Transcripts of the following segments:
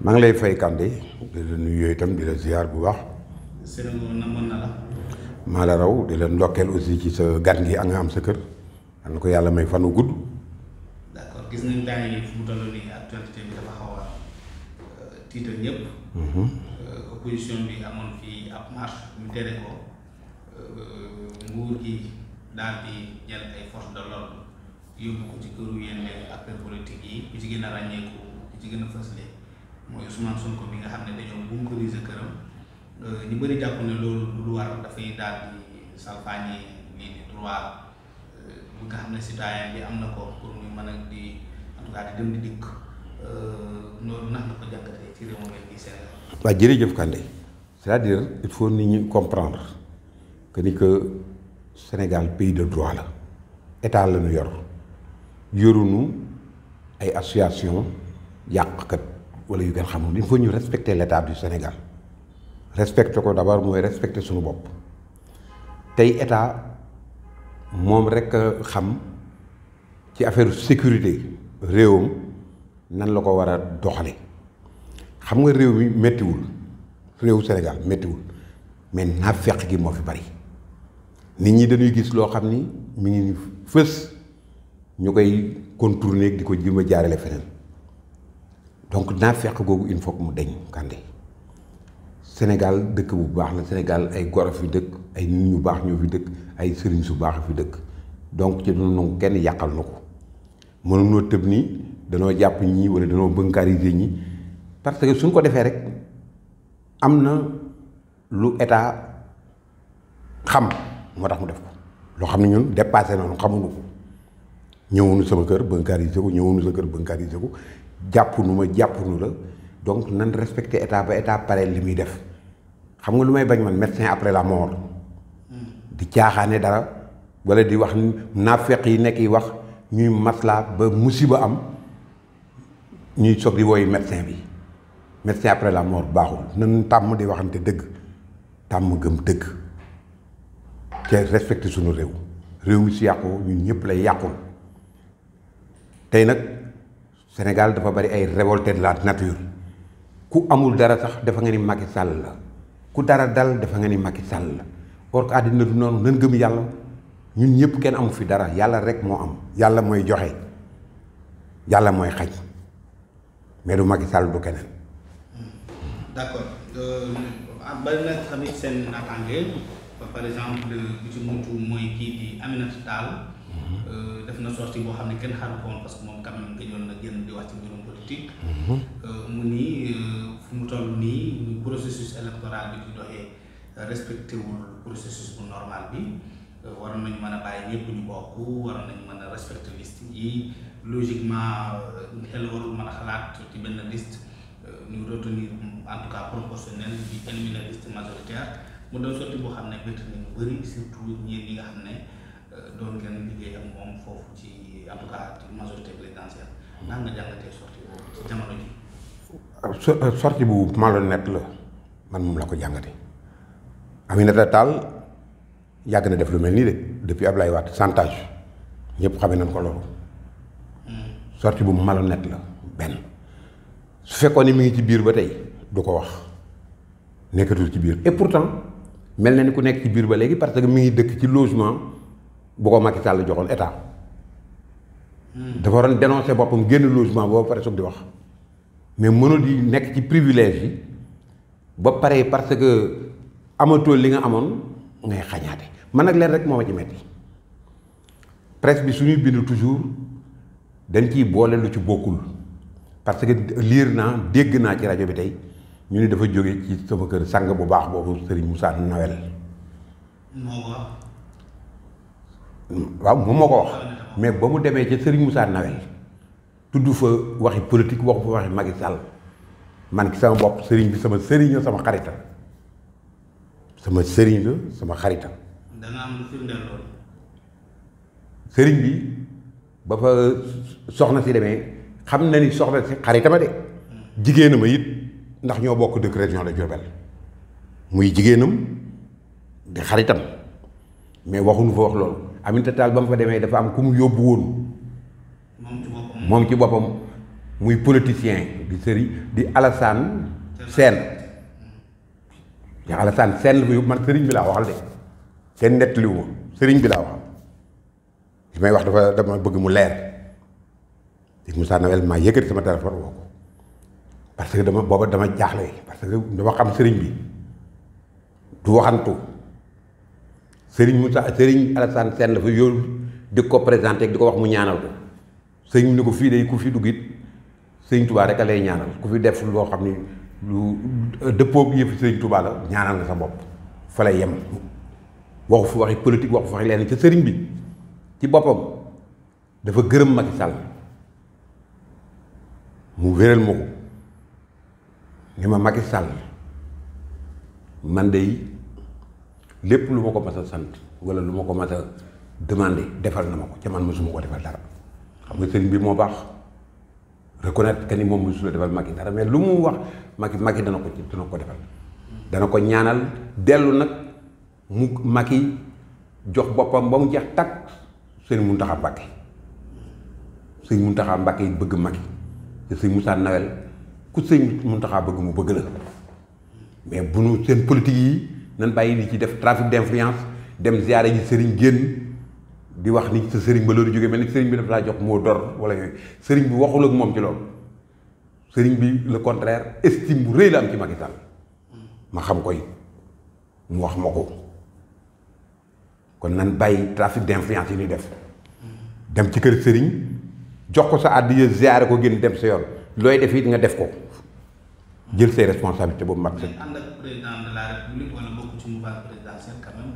maa ngi lay fay Kandé di la nuyu yooyu itam di la ziar bu baax. maa la raw di la ndokkeel aussi ci sa gan gi a nga am sa kër. am na ko yàlla may fanu gudd. d'accord gis nañ temps yi fu mu toll nii actualité bi dafa xaw a euh, tiital ñëpp. Mhm. Euh, opposition bi amoon fii ab marche ñu tere ko euh, nguur gi daal di jël ay forces de l'ordre yóbbu ko ci këru yenn acteur politique yi ku ci gën a ràññeeku ku ci gën a fësle mooy Ousmane Sonko bi nga xam ne dañoo bunkeriser këram euh, ñu bëri jàpp ne loolu lu war dafay daal di salfaañi lii droit euh, bu nga xam ne citoyen bi am na ko pour muy mën a di en dem di dikk euh, loolu nax na ko jàngatee ci réew mi Sénégal. waaw jërëjëf Kandé c'est-à-dire il faut nit ñi comprendre que ni Sénégal pays de droit la état la ñu yor. yorunu ay association yàqkat wala yu gën xamul il foo ñu respecter l'état du Sénégal respecter ko d'abord mooy respecter suñu bopp tey état moom rek xam ci affaire sécurité réewam nan la ko war a doxale xam nga réew mi méttiwul réewu Sénégal méttiwul mais naafeq gi moo fi bari nit ñi dañuy gis loo xam ni mu ngi fës ñu koy contourner di ko jéem a jaarale feneen donc naa fekk googu il faut mu deñ Kandé Sénégal dëkk bu baax la Sénégal ay gor fi dëkk ay nit ñu baax ñoo fi dëkk ay sëriñ su baax a fi dëkk donc ci dina nangu kenn yàqal na ko mënunoo tëb nii danoo jàpp ñii wala danoo bënkarise ñi parce que suñ ko defee rek am na lu état xam moo tax mu def ko loo xam ne ñun dépassé noonu xamuñu ko ñëwoonu sama kër yi ko ñëwoonu sa kër bancarisé ko jàppunu ma jàppunu la donc nan respecté état ba état pare li muy def xam nga lu may bañ man médecin après la mort di caaxaane dara walla di wax naafeq yi nekk yi wax ñuy maslaa ba musiba am ñuy soog di wooyu médecin bi médecin après la mort baaxul nan tàmm di waxante dëgg tàmm gëm dëgg te respecté sunu réew réew mi si yàqu ñun ñëpp lay yàqul tey nag Sénégal dafa bari ay révolté de la ku amul dara sax dafa nga ni Macky Sall la ku dara dal dafa nga ni Macky la or que àddina du noonu nan gëm yàlla ñun ñëpp kenn amu fi dara yàlla rek moo am yàlla mooy joxe yàlla mooy xaj mais du du keneen. Hmm. Euh, ah, bu ci Euh, def na sortie boo xam ne kenn xaaru ko woon parce que moom quand même gëjoon na génn di wax ci mbirum politique. Mhm. Euh, mu nii euh, fu mu toll nii processus électoral bi di doxee respecté wul processus bu normal bi waroon nañu mën a bàyyi ñëpp ñu bokk waroon nañu mën a respecté liste yi logiquement xel warul mën a xalaat ci benn liste ñu retenir en tout cas proportionnel di éliminer majoritaire mu doon sortie boo xam ne bett nañu bëri surtout ñeen ñi nga xam ne. doon ngeen liggéey ak moom foofu ci en tout cas ci majorité présidentielle nga jàngatee sortie boobu ci jamono ah, ah, la man moom la ko jàngate ami Aminata Tall yàgg na def lu mel nii de depuis Ablaye Wade chantage ñëpp xame nañ ko loolu. Hmm. sortie bu malhonnête la benn su fekkoon ni mu ngi ci biir ba tey du ko wax nekkatul ci biir et pourtant mel na ni ku nekk ci biir ba léegi parce que mi ngi dëkk ci logement. bu ko Macky Sall joxoon état hmm. dafa waroon dénoncé boppam génn logement boo pare soog di wax mais mënul di nekk ci privilège yi ba pare parce que amatoo li nga amoon ngay xañaate man nag leen rek moo ma ci metti presse bi suñuy bind toujours dañ ciy boole lu ci bokkul parce que liir naa dégg naa ci rajo bi tey ñu ni dafa jóge ci sama kër sang bu baax boobu Serigne Moussa Nawel waaw moom moo ko wax mais ba mu demee ca Serigne Moussa Nawel tudd fa waxi politique waxu fa waxi Macky man ki sama bopp Serigne bi sama Serigne sama xarital sama Serigne sama xarital. dana bi ba fa soxna si demee xam na ni soxna si xaritama de. jigéenam it ndax ñoo bokk dëkk région de Diourbel muy jigéenam di xaritam mais waxuñu fa wax loolu. Aminata Tall ba mu fa demee dafa am ku mu yóbbu woon moom ci boppam muy politicien di sëri di Alassane Sène ya Alassane Sène la ko yóbbu man sëriñ bi laa waxal de bi laa may wax dafa dama bëgg mu leer di Moussa Nawel maa yëkkati sama téléphone woo ko parce que dama booba dama jaaxle parce que dama xam sëriñ bi du waxantu sëriñ Moussa sëriñ Alassane Sène dafa yóbbu di ko présenté di ko wax mu ñaanal ko sëriñ ni ko fii de ku fi dugg it sëriñ Touba rek a lay ñaanal ku fi def loo xam ni lu dëppoo yëpp sëriñ Touba la ñaanal nga sa bopp fa lay yem waxu fi waxi politique waxu fi waxi leneen ca sëriñ bi ci boppam dafa gërëm Macky Sall mu wéral ma ko ni ma Macky Sall man de. lépp lu ma ko mas a sant wala lu ma ko mas demande defal na ma ko ca man mosuma ko defal dara xam nga sëriñ bi moo baax reconnaître que ni moom mosula defal Macky dara mais lu mu wax Macky Macky dana ko dana ko defal dana ko ñaanal dellu nag mu yi jox boppam ba mu jeex takk mun taxa sëriñ sëñ mun sëriñ Mountakha Mbacké bëgg Macky te sëriñ Moussa Nawel ku mun Mountakha bëgg mu bëgg la mais bu nu seen politique yi nan bàyyi di ci def trafic d'influence dem ziare ji sëriñ génn di wax ni sa sëriñ ba loolu jógee mel ni sëriñ bi dafa laa jox moo dor wala yooyu sëriñ bi waxul moom ci loolu sëriñ bi le contraire estime bu rëy la am ci Macky Sall ma xam koy mu wax ma ko kon nan bàyyi trafic d'influence yi ñuy def dem ci kër sëriñ jox ko sa àddiya ziare ko génn dem sa yoon looy def it nga def ko jël say responsabilité boobu mat sëkk. ànd ak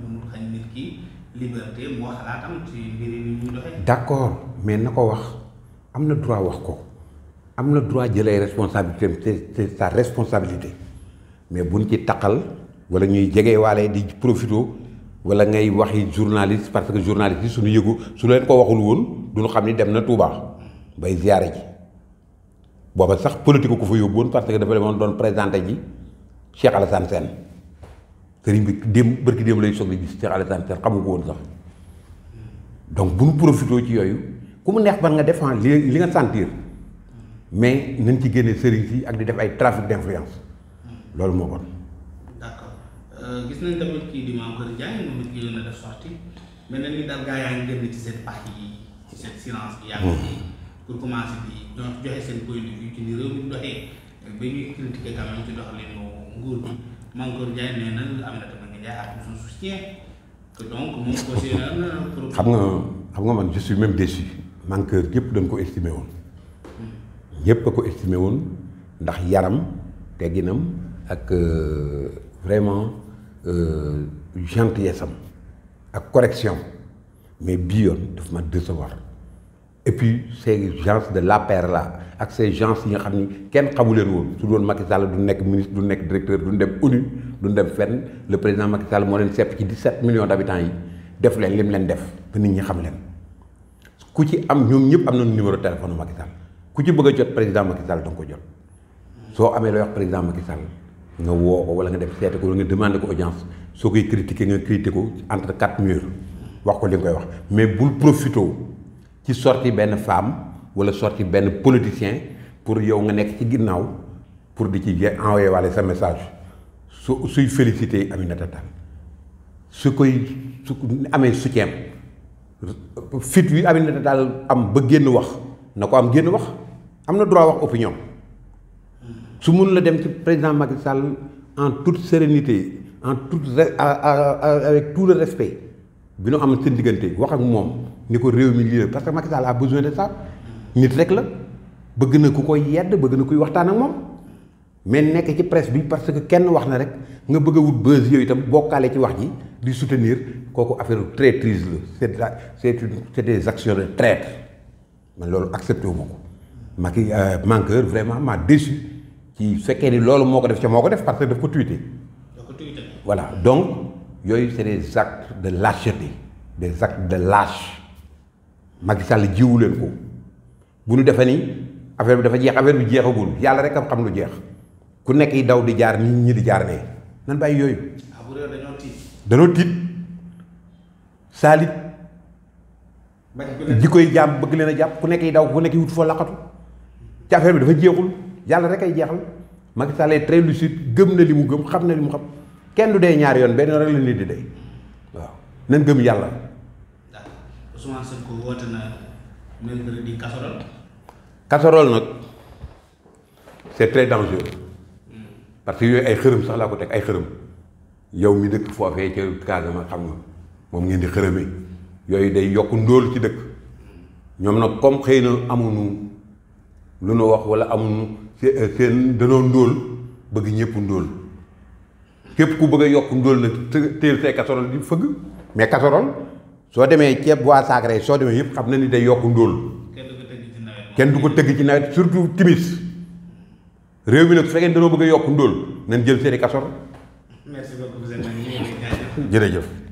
bu mu xañ nit mais na ko wax am na droit wax ko am na droit jëlee responsabilité te responsabilité mais buñ ci taqal wala ñuy jegewaale di profito wala ngay waxi journaliste parce que journaliste yi suñu yëgu su leen ko waxul woon duñu xam ni dem na Touba bay ziyaare ji. booba sax politique ko fa yóbbuwoon parce que dafa demoon doon présenté ji Cheikh Alassane Sène sëriñ bi démb bërki démb lay soog di gis Cheikh Alassane Sène xamu ko woon sax donc bu ñu profité ci yooyu ku mu neex ban nga défendre li li nga sentir mais nañ ci génne sëriñ si ak di def ay trafic d'influence loolu moo kon pour commencer bi donc seen point de ci ni réew mi doxee ba ñuy critiquer quand même ci doxalinu nguur bi Mankeur Ndiaye nee na Aminata Mbengue Ndiaye a tout son soutien que donc moom aussi xam nga xam nga man je suis même déçu Mankeur yëpp dañ ko estimé woon ñëpp a ko estimé woon ndax yaram tegginam ak euh, vraiment euh, gentillesse am ak correction mais bii yoon daf ma décevoir et puis ces gens de l'APR là ak ces gens yi nga xam ni kenn xamu leen woon su doon Macky Sall du nekk ministre du nekk directeur du dem ONU du dem fenn le président Macky Sall moo leen sepp ci 17 millions d'habitants yi def leen lim leen def ba nit ñi xam leen ku ci am ñoom ñëpp am nañu numéro téléphone Macky Sall ku ci bëgg a jot président Macky Sall da ko jot soo amee looy wax président Macky Sall nga woo ko wala nga def seete ko wala demandé ko audience soo koy critiquer ko entre quatre murs wax ko li nga koy wax mais bul profité. ci sorti benn femme wala sorti benn politicien pour yow nga nekk ci ginnaaw pour di ci en waale sa message su suy félicité Aminata Tall su koy su amee soutien fit wi Aminata Tall am ba génn wax na ko am génn wax am na droit wax opinion su mun la dem ci président Macky Sall en toute sérénité en toute avec tout le respect bi nu am seen diggante wax ak moom ni ko réew mi lii parce que Macky Sall a besoin de ça nit rek la bëgg na ku ko yedd bëgg na kuy waxtaan ak moom mais nekk ci presse bi parce que kenn wax na rek nga bëgg wut buzz yooyu itam bokkaale ci wax ji di soutenir kooku affaire traîtrise la c' est c' est des actions de traître man loolu accepté wu ma ko Macky euh, Mankeur vraiment m'a déçu ci fekkee ni loolu moo ko def ca moo ko def parce que daf ko tweeté voilà donc yooyu c' est des actes de lâcheté des actes de lâche Macky Sall jiwu leen ko bu ñu defee nii affaire bi dafa jeex affaire bi jeexagul yàlla rek am xam lu jeex ku nekk yi daw di jaar nit ñi di jaar ne nan bàyyi yooyu. Ah, dañoo tiit. dañoo tiit saalit. ji koy jaam bëgg leen a jàpp ku nekk yi daw ku nekk yi wut foo laqatu ci affaire bi dafa jeexul yàlla rek ay jeexal Macky Sall est très gëm na li mu gëm xam na li mu xam kenn du dee ñaari yoon beneen rek leen di dee waaw nan gëm yàlla. Ousmane Sonko woote na mercredi casserole. casserole nag c'est très dangereux hmm. parce que yooyu ay xërëm sax laa ko teg ay xërëm yow mi dëkk foofee ca xam nga moom ngeen di xërëmee yooyu day yokk ndóol ci dëkk ñoom nag comme xëy na amuñu lu nu wax wala amuñu euh, seen danoo ndóol bëgg ñëpp ndóol képp ku bëgg a yokk ndóol nag teel say casserole di fëgg mais casserole soo demee ceeb bu sacré soo demee yëpp xam na ni day yokk ndóol kenn du ko tëgg ci nawet surtout timis réew mi nag su fekkee ne dañoo bëgg a yokk ndóol nañ jël seeni kasoor merci beaucoup